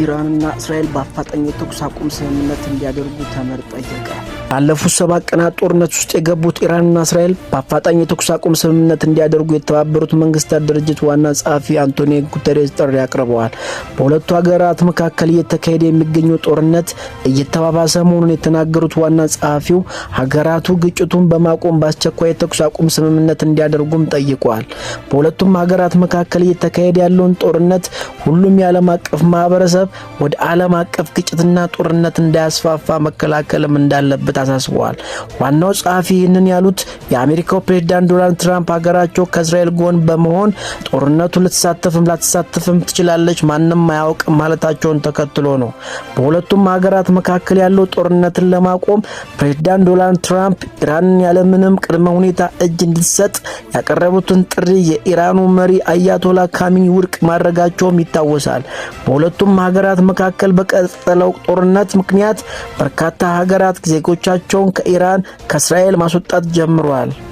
ኢራንና እስራኤል በአፋጣኝ የተኩስ አቁም ስምምነት እንዲያደርጉ ተመድ ጠየቀ። ባለፉት ሰባት ቀናት ጦርነት ውስጥ የገቡት ኢራንና እስራኤል በአፋጣኝ የተኩስ አቁም ስምምነት እንዲያደርጉ የተባበሩት መንግስታት ድርጅት ዋና ጸሐፊ አንቶኒ ጉተሬስ ጥሪ አቅርበዋል። በሁለቱ ሀገራት መካከል እየተካሄደ የሚገኘው ጦርነት እየተባባሰ መሆኑን የተናገሩት ዋና ጸሐፊው ሀገራቱ ግጭቱን በማቆም በአስቸኳይ የተኩስ አቁም ስምምነት እንዲያደርጉም ጠይቋል። በሁለቱም ሀገራት መካከል እየተካሄደ ያለውን ጦርነት ሁሉም የዓለም አቀፍ ማህበረሰብ ወደ ዓለም አቀፍ ግጭትና ጦርነት እንዳያስፋፋ መከላከልም እንዳለበት አሳስበዋል። ዋናው ጸሐፊ ይህንን ያሉት የአሜሪካው ፕሬዝዳንት ዶናልድ ትራምፕ ሀገራቸው ከእስራኤል ጎን በመሆን ጦርነቱ ልትሳተፍም ላትሳተፍም ትችላለች፣ ማንም አያውቅም ማለታቸውን ተከትሎ ነው። በሁለቱም ሀገራት መካከል ያለው ጦርነትን ለማቆም ፕሬዝዳንት ዶናልድ ትራምፕ ኢራንን ያለምንም ቅድመ ሁኔታ እጅ እንድትሰጥ ያቀረቡትን ጥሪ የኢራኑ መሪ አያቶላ ካሚኒ ውድቅ ማድረጋቸውም ይታወሳል። በሁለቱም ሀገራት መካከል በቀጠለው ጦርነት ምክንያት በርካታ ሀገራት ዜጎቻቸውን ከኢራን ከእስራኤል ማስወጣት ጀምሯል። one.